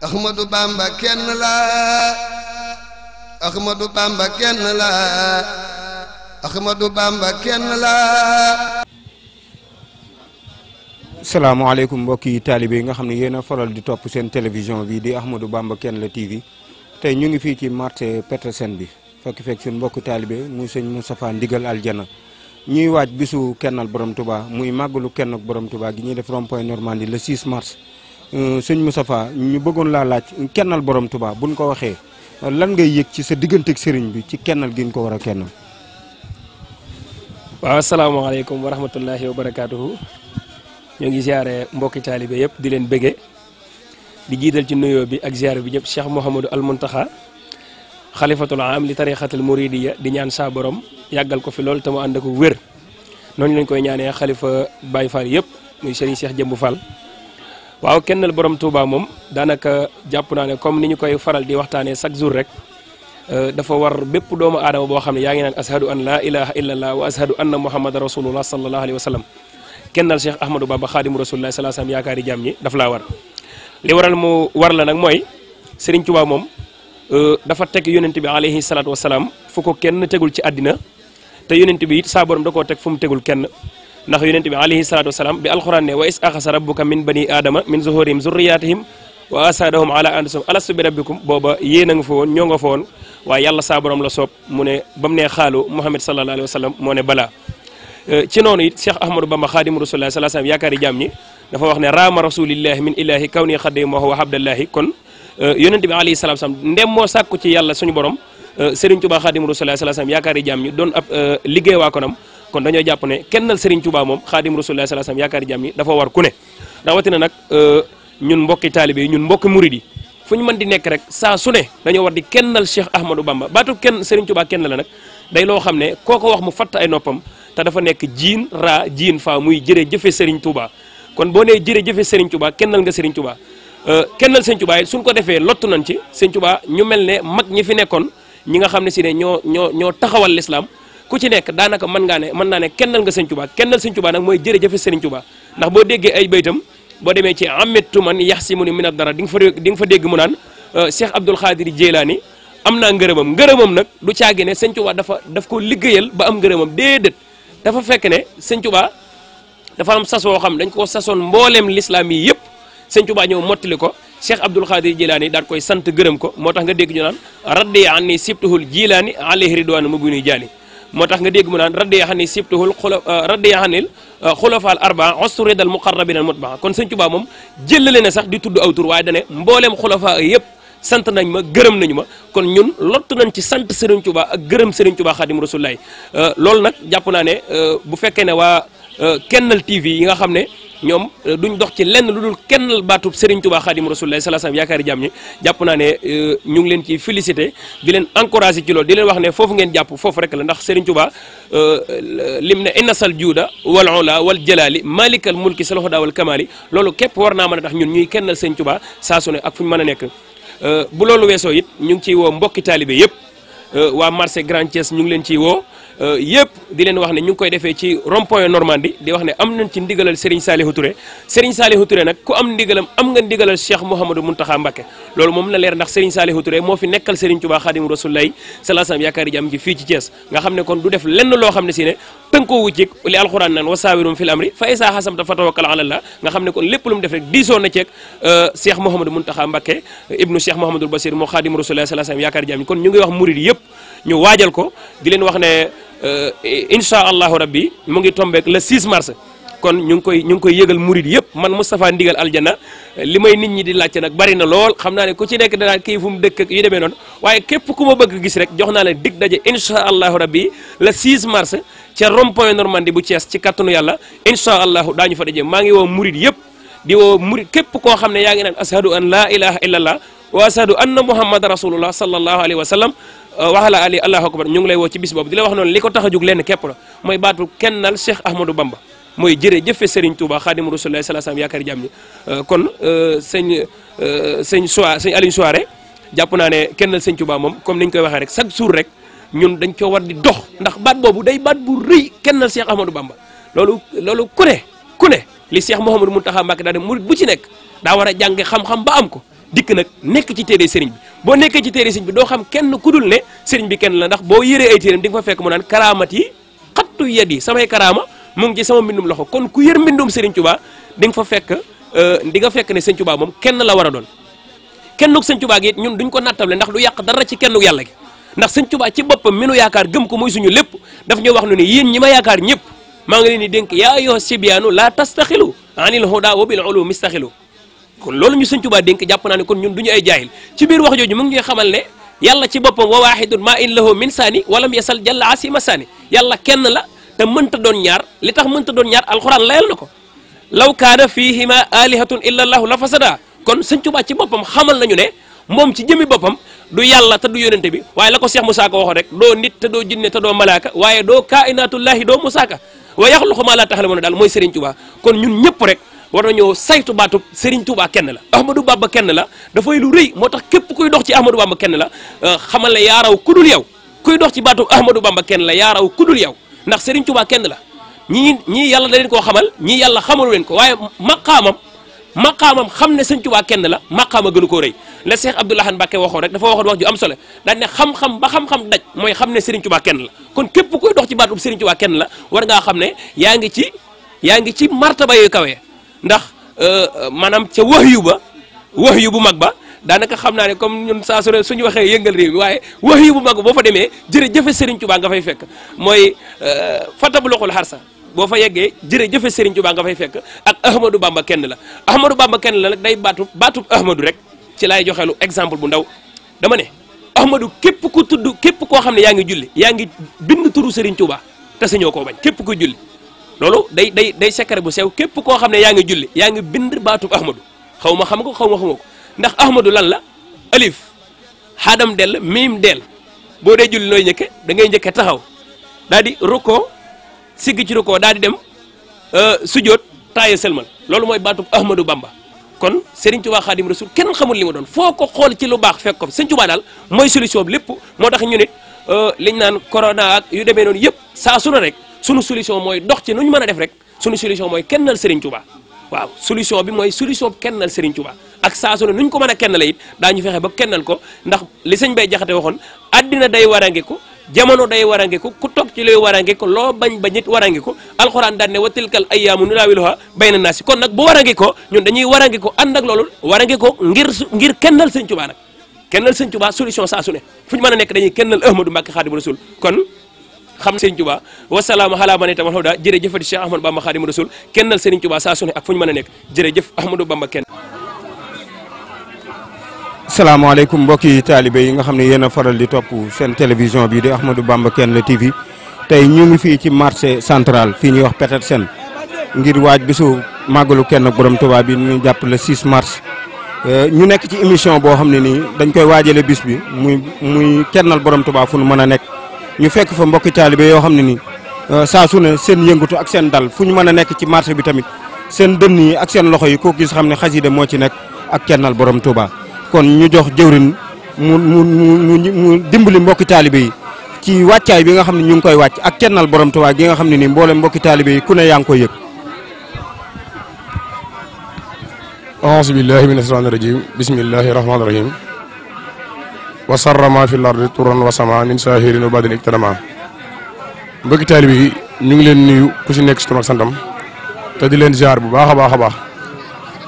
Ahmadou Bamba kenn la Ahmadou Bamba kenn la Ahmadou Bamba kenn la salaamaaleykum mbokki taalibe yi nga xam ne yéen a di topp seen télévision bi di Ahmadou Bamba kenn la TV te ñu ngi fii ci marché Petersen bi fekk fekk suñu mbokki taalibe muy sëñ Moustapha Ndigal Aljana ñuy waaj bisu kennal borom Touba muy màggalu kenn borom tubaa gi ñuy def rond-point Normandie le 6 mars. Euh, sëñ Moustapha ñu bëggoon laa laaj kennal borom Touba buñ ko waxee lan ngay yëg ci sa digganteeg sëriñ bi ci kennal gi ñu ko war a kennal. waaw asalaamaaleykum wa rahmatullahi wa barakaatuhu ñoo ngi ziare mbokki taalibe yëpp di leen bëggee di jiital ci nuyoo bi ak ziare bi ñëpp Cheikh Mouhamadou Al Mountakha xalifatul am li tarixatul muridiya di ñaan saa borom yàggal ko fi lool te mu ànd ak wér noonu lañ koy ñaanee xalifa Baye Fall yëpp muy sëriñ Cheikh Jëmbu Fall. waaw kennal borom Touba moom daanaka jàpp naa ne comme ni ñu koy faral di waxtaanee chaque jour rek euh, dafa war bépp doomu aadama boo xam ne yaa ngi naan ashadu an laa ilaha illallah wa ashadu anna muhammad rasulullah sallallahu alayhi wa sallam kennal Cheikh Ahmadou Bamba xaadimu rasulillah salaa salaam yaakaari jaam ñi daf laa war li waral mu war la nag mooy Serigne Touba moom euh, dafa teg yonent bi alayhi salaatu wasalaam fu ko kenn tegul ci àddina te yonent bi it saa borom da koo teg fu mu tegul kenn ndax yonent bi alayhi salatu wassalam bi alquran ne wa is axasa rabbuka min bani adama min zuhurihim zurriyatihim wa asadahum ala anfusihim alastu bi rabbikum boba yéen nga fa woon ñoo nga fa woon waaye yàlla sa borom la sop mune bam ne xalu muhammad sallallahu alayhi wasallam sallam moo ne balaa ci nonu it cheikh ahmadu bamba xaadimu rasulullah sallallahu alayhi wasallam yakari jamni dafa wax ne rama rasulillah min ilahi kawni nii wa abdullah kon yonent bi alayhi salatu wassalam ndem mo sàkku ci yàlla suñu borom Serigne Touba xaadimu rasulullah sallallahu alayhi wasallam yakari jamni don ab wa konam kon dañoo jàpp ne kennal Serigne Touba moom xaadim rasulullah sallallahu alayhi wasallam yaakaar jàmm yi dafa war ku ne rawatina nag euh, ñun mbokki taalibe yi ñun mbokki murid yi fu ñu mën di nekk rek saa su ne dañoo war di kennal Cheikh Ahmadou Bamba baatu kenn Serigne kenn la nag day loo xam ne koo wax mu fatt ay noppam te dafa nekk jiin ra jiin fa muy jëree jëfe Serigne Touba kon boo nee jëree jëfe Serigne Touba kennal nga Serigne Touba euh, kennal Serigne Touba suñ ko defee lottu nañ ci Serigne ñu mel ne mag ñi fi nekkoon ñi nga xam ne si ne ñoo ñoo ñoo taxawal lislaam ku ci nekk daanaka mën ngaa ne mën naa ne kennal nga sëñ Tuubaa kennal sëñ Tuubaa nag mooy jërëjëfe sëriñ Tuubaa ndax boo déggee ay baytam boo demee ci amettu man yax si mu ni minad dara di nga fa di fa dégg mu naan euh, Cheikh Abdoul Khadir Jeylaani am naa ngërëmam ngërëmam nag du caagi ne sëñ Tuubaa dafa daf ko liggéeyal ba am ngërëmam déedéet dafa fekk ne sëñ Tuubaa dafa am sas woo xam dañ ko sasoon mbooleem lislaam yi yëpp sëñ Tuubaa ñëw mottali ko Cheikh Abdoul Khadir Jilaani daal koy sant gërëm ko moo tax nga dégg ñu naan raddi anni sibtuhul jilaani alayhi ridwaanu mubini jaali moo tax nga dégg mu naan raddi yaxani sibtuhul xula euh, raddi yaxanil euh, xulafaal arba osturidal muqarrabinal mutbaa kon sëñ Tuubaa moom jëlale na sax di tudd aw tur waaye dane mbooleem xulafaa yëpp sant nañ ma gërëm nañu ma kon ñun lott nañ ci sant Serigne Touba ak gërëm Serigne Touba Xaadimu Rasuul laay euh, loolu nag jàpp naa ne bu fekkee ne waa Kennal TV yi nga xam ne ñoom euh, duñ dox ci lenn lu dul kennal baatub Serigne Touba Khadim Rasulullah sallallahu alayhi wasallam yaakaari jàmm ñi jàpp naa ne euh, ñu ngi leen ci félicité di leen encoragé ci loolu di leen wax ne foofu ngeen jàpp foofu rek la ndax Serigne Touba euh, lim ne innasal juuda wal ula wal jalali malikal mulki sal huda wal kamali loolu képp war naa mën a tax ñun ñuy kennal Serigne Touba saa su ne ak fu ñu mën a nekk bu loolu weesoo it ñu ngi ciy woo mbokki taalibe yëpp waa marché Grand ñu ngi leen ciy woo Euh, yëpp di leen wax ne ñu koy defee ci rond-point di wax ne am nañ ci ndigalal Serigne Saliou Touré Serigne Saliou Touré nag ku am ndigalal Cheikh Mouhamadou Mountakha na leer ndax Serigne Saliou Touré moo fi nekkal Serigne Touba Khadim Rasoulilahi sallallahu alayhi wasallam yaakaari jàmm ji fii ci Thiès nga xam ne kon du def lenn loo xam ne si ne tënkoowu ci li ne kon lépp lu mu def rek diisoo na ceeg euh, Cheikh Mouhamadou Mountakha ñu waajal ko di wax ne Euh, incha allahu rabbi mu ngi tombeek le 6 mars kon ñu ngi koy ñu ngi koy yëgal murid yëpp man Moustapha Ndigal Aljana li may nit ñi di laajte nag bari na lool xam naa ne ku ci nekk danaa kii fu mu dëkk ak yu demee noonu waaye képp ku ma bëgg gis rek jox naa leen dig daje incha allahu rabbi le 6 mars ca rond-point Normandie bu Thiès ci kattanu yàlla incha allahu daañu fa daje maa ngi woo murid yëpp di woo murid képp koo xam ne yaa ngi naan ashadu an laa ilaha illallah wa ashadu anna muhammad rasulullah sallallahu alayhi wa sallam Euh, waxala ali allahu akbar ñu ngi lay woo ci bis boobu di la wax noonu li ko tax a jug lenn képp la mooy baatu kennal Cheikh Ahmadou Bamba mooy jërëjëfe Serigne Touba xaadimu rasulillahi salaa salaam yaakaar jàmm ñi euh, kon euh, sëñ sëñ soir aliñ Aliou Soirée jàpp naa ne kennal sëñ Touba moom comme ni ñu koy waxee rek chaque jour rek ñun dañ ko war di dox ndax baat boobu day baat bu rëy kennal Cheikh Ahmadou Bamba loolu loolu ku ku ne li Cheikh Mouhamadou mun Mbacké daa ne murid bu ci nekk daa war a jànge xam ba am ko dikk nag nekk ci téere sëriñ bi boo nekkee ci téere sëriñ bi doo xam kenn ku dul ne sëriñ bi kenn la ndax boo yéree ay téeram di nga fekk mu naan karaamat yi xattu yet yi samay karaama mu ngi ci sama mbindum loxo kon ku yër mbindum sëriñ Tuubaa di fa fekk euh, di nga fekk ne sëriñ Tuubaa moom kenn la war a doon kennuk sëriñ Tuubaa gi ñun duñ ko nattable ndax du yàq dara ci kennuk yàlla gi ndax sëriñ Tuubaa ci boppam minu yaakaar gëm ko muy suñu lépp daf ñoo wax nu ne yéen ñi ma yaakaar ñëpp maa ngi leen di dénk yaa ayyuha sibiyaanu laa tastaxilu anil huda wa bil ulumi istaxilu kon loolu ñu sëñ tubaa denk japp naa ne kon ñun duñu ay jahil ci bir wax joju mu ngi xamal ne yalla ci bopam wa wahidun ma in lahu min wa lam yasal jalla asima sani yalla kenn la te mënta doon ñaar li tax mënta doon ñaar alquran layal nako law fihima alihatun illa allah la fasada kon sëñ tubaa ci bopam xamal nañu ne mom ci jëmi bopam du yalla te du yonente bi waye lako Cheikh musa ko waxo rek do nit te do jinne te do malaaka waye do kainatullahi do musaka wa yakhluqu ma la taxlamuna dal moy Serigne Touba kon ñun ñëpp rek war nañoo saytu baatub Serigne Touba kenn la Ahmadou Bamba kenn la dafay lu rëy moo tax képp kuy dox ci Ahmadou Bamba kenn la euh, xamal yaaraw kudul yow kuy dox ci baatub Ahmadou Bamba kenn la yaaraw kudul yow ndax Serigne kenn la ñii ñii yàlla da leen koo xamal ñii yàlla xamalu leen ko waaye maqaamam maqaamam xam ne Serigne Touba kenn la maqaama gënu koo rëy la Cheikh Abdou Lahad Mbacké waxoon rek dafa waxoon wax ju am solo daan ne ba xam-xam daj ne Serigne Touba kenn la kon képp kuy dox ci baatub Serigne Touba kenn la war ngaa xam ne yaa ngi ci yaa ngi ci martaba yooyu kawee ndax euh, maanaam ca wax yu ba wax yu bu mag ba daanaka xam naa ne comme ñun saa su ne suñu waxee yëngal réew mi waaye wax bu mag boo fa demee jërëjëfe Serigne Touba nga fay fekk mooy euh, fatab loxul xarsa boo fa yeggee jërëjëfe Serigne Touba nga fay fekk ak Ahmadou Bamba kenn la Ahmadou Bamba kenn la nag day baatu baatu Ahmadou rek ci laay joxelu exemple bu ndaw dama ne Ahmadou képp ku tudd képp koo xam ne yaa ngi julli yaa ngi bind turu Serigne Touba te sañoo ko bañ képp ku julli loolu day day day secret bu sew képp koo xam ne yaa ngi julli yaa ngi bind baatub ahmadu xaw ma xam ko xaw ma xamoo ko ndax ahmadu lan la alif xaadam dell miim dell boo dee julli nooy njëkke da ngay njëkke taxaw daal di rukkoo sigg ci rukkoo daal di dem euh, sujoot taaye sëlmal loolu mooy baatub ahmadu bamba kon Serigne Touba Khadim Rasoul kenn xamul li mu doon foo ko xool ci lu baax fekk ko Serigne Touba daal mooy solution bi lépp moo tax ñu nit euh, liñ naan corona ak yu demee noonu yëpp saa rek sunu solution mooy dox ci nu ñu mën a def rek sunu solution mooy kennal Serigne Touba waaw solution bi mooy solution kennal Serigne Touba ak saa su ne nu ñu ko mën a kennale it fexe ba kennal ko ndax li sëñ bay jaxate waxoon addina day warangeku jamono day warangeku ku toog ci looy warangeku loo bañ ba nit warangeku alxuraan daan ne wa tilkal ayyaamu nulaawiluhaa bayna naasi kon nag bu warangekoo ñun dañuy warangeku ànd ak loolu warangekoo ngir ngir kennal Serigne Touba nag kennal Serigne Touba solution saa su ne fu ñu mën nekk dañuy kennal Ahmadou Mbacké Khadimou Rassoul kon xam Serigne Touba wasalaama xalaa ma ne tamal xaw daa jërëjëfati Cheikh Ahmadou Bamba Khadimu Rasul kennal Serigne Touba saa su ne ak fu ñu mën a nekk jërëjëf Ahmadou Bamba kenn salaamaaleykum mbokki taalibe yi nga xam ne yéen a faral di topp seen télévision bi di Ahmadou Bamba Kenn TV tey ñu ngi fii ci marché central fii ñuy wax seen ngir waaj bisu màggalu kenn ak borom Tuubaa bi ñu jàpp le 6 mars. Euh, ñu nekk ci émission boo xam ne nii dañ koy waajalee bis bi muy muy kennal borom Tuubaa fu nu mën a nekk ñu fekk fa mbokki taalibe yoo xam ne nii euh, saa su seen yëngatu ak seen dal fu ñu mën a nekk ci marché bi tamit seen dënn yi ak seen loxo yi koo gis xam ne xasida moo ci nekk ak kennal borom Touba kon ñu jox jëwrin mu mu dimbali mbokki taalibe yi ci wàccaay bi nga xam ne ñu ngi koy wàcc ak kennal borom Touba gi nga xam ne nii mboolem mbokki taalibe yi ku ne yaa ngi koy yëg. aouzu billahi mina shaytaani wa sarrama fi lardi turan wa sama min sahirin wa badin iktadama mbokki taalibe yi ñu ngi leen nuyu ku si nekk si turam ak santam te di leen ziar bu baax a baax a baax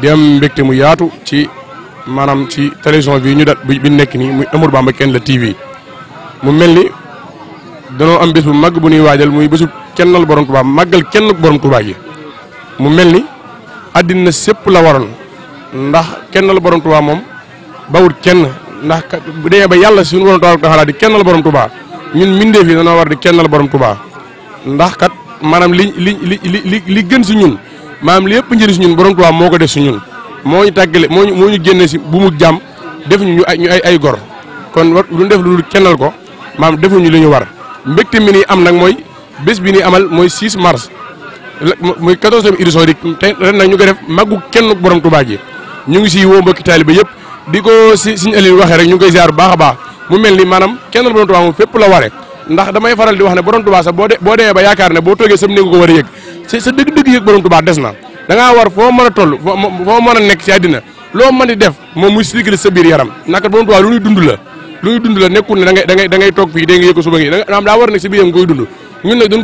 di am mbégte mu yaatu ci maanaam ci télévision bi ñu dat bi nekk nii muy Amadou Bamba Kenn la TV mu mel ni danoo am bés bu mag bu ñuy waajal muy bésu kennal borom Tuubaa màggal kenn borom Tuubaa gi mu mel ni àddina sépp la waroon ndax kennal borom Tuubaa moom bawut kenn ndax bu demee ba yàlla suñu borom tabaaraka taala di kennal borom Touba ñun mbindeef yi dañoo war di kennal borom Touba ndax kat maanaam li li li li li gën si ñun maanaam li yëpp njëriñ si ñun borom Touba moo ko def si ñun moo ñu tàggale moo ñu moo ñu génne si bu mu jàmm def ñu ñu ay ay gor kon war lu def lu kennal ko maam defuñu li ñu war mbégte mi ni am nag mooy bés bi ni amal mooy 6 mars muy 14e édition di te ren nag ñu ko def màggu kenn borom tubaa ji ñu ngi si woo mbokki taalibe yëpp. di ko si suñu Aliou waxee rek ñu ngi koy ziar bu baax a baax mu mel ni maanam kenn la borom Tuubaa moom fépp la ware ndax damay faral di wax ne borom Tuubaa sax boo boo demee ba ne boo toogee sam néegu ko sa dëgg-dëgg yëg borom Tuubaa des na da war foo mën a toll foo mën a nekk ci àddina loo mën di def moom muy cycle sa biir yam naka borom Tuubaa lu ñuy dund la lu ñuy dund la nekkul ne da da ngay da ngay toog fii da nga war a nekk sa biir yaram koy dund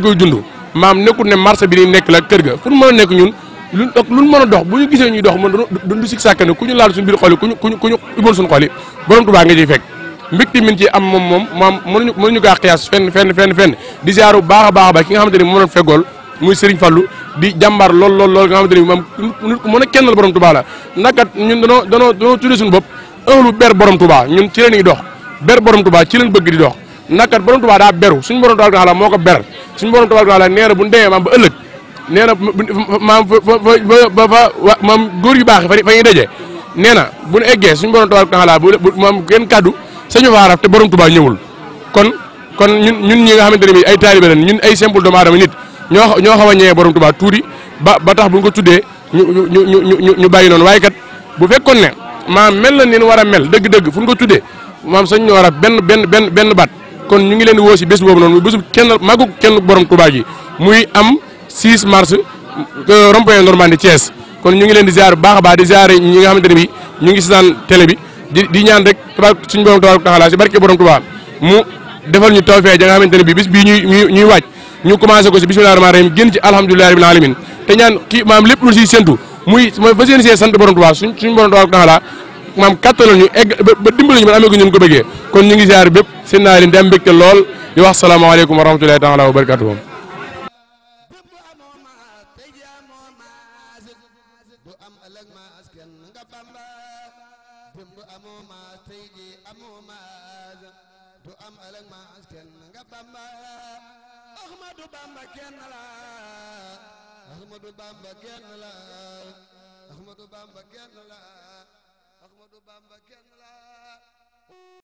koy dund maam nekkul ne marché bi ni nekk la kër ga fu mu mën nekk ñun luñ ak luñ mën a dox bu ñu gisee ñuy dox man duñ du sik sàkk ku ñu laal suñu biir xol ku ñu ku ñu ku borom Tuubaa nga ciy fekk mbégte min ci am moom moom maam mënuñu mënuñu kaa xiyaas fenn fenn fenn fenn di baax a baax a baax ki nga xamante ne moo doon feggool muy Serigne di jàmbaar lool lool lool nga xamante ne moom nit ku mën a kennal borom Tuubaa la naka ñun danoo danoo danoo tuddee bopp un lu ber borom Tuubaa ñun ci leen ñuy dox ber borom Tuubaa ci leen bëgg dox nakat borom Tuubaa daa beru suñu borom Tuubaa la moo ko ber nee na bu ñu demee maam ba nee na maam fa fa fa maam góor yu baax yi fa ñuy daje nee na bu ñu eggee suñu borom tabaaraka taala bu maam kenn kaddu sañu faaraf te borom Tuubaa ñëwul kon kon ñun ñun ñi nga xamante ne bi ay taalibe lañ ñun ay simple doomu aadama nit ñoo ñoo xaw a ñëwee borom Tuubaa tuuti ba ba tax bu ñu ko tuddee ñu ñu ñu ñu ñu bàyyi noonu waaye kat bu fekkoon ne maam mel na nin war a mel dëgg-dëgg fu ñu ko tuddee maam sañ ñoo war a benn benn benn benn baat kon ñu ngi leen di woo si bés boobu noonu bésub kenn magu kenn borom Tuubaa ji muy am 6 mars rond-point Normandie Thiès kon ñu ngi leen di ziar bu baax a baax di ziar ñi nga xamanteni bi ñu ngi ci seetaan télé bi di ñaan rek tabaar suñu borom tabaaraka taala ci barké borom tuba mu defal ñu tawfé ja nga xamanteni bi bis bi ñuy ñuy wacc ñu commencé ko ci bismillahir rahmanir rahim génn ci alhamdullilahi rabbil alamin te ñaan ki maam lepp lu ci sentu muy mooy fas yéene see borom tuba suñ suñu borom tabaaraka taala maam kattanal ñu egg ba dimbal ñu man amee ko ñun ko bëggé kon ñu ngi ziar bëpp seen naa leen di am lool di wax salaamaaleykum wa rahmatullahi taala wa barakatuhu la Ahmadu Bamba kenn la Ahmadu Bamba kenn la Ahmadu Bamba kenn la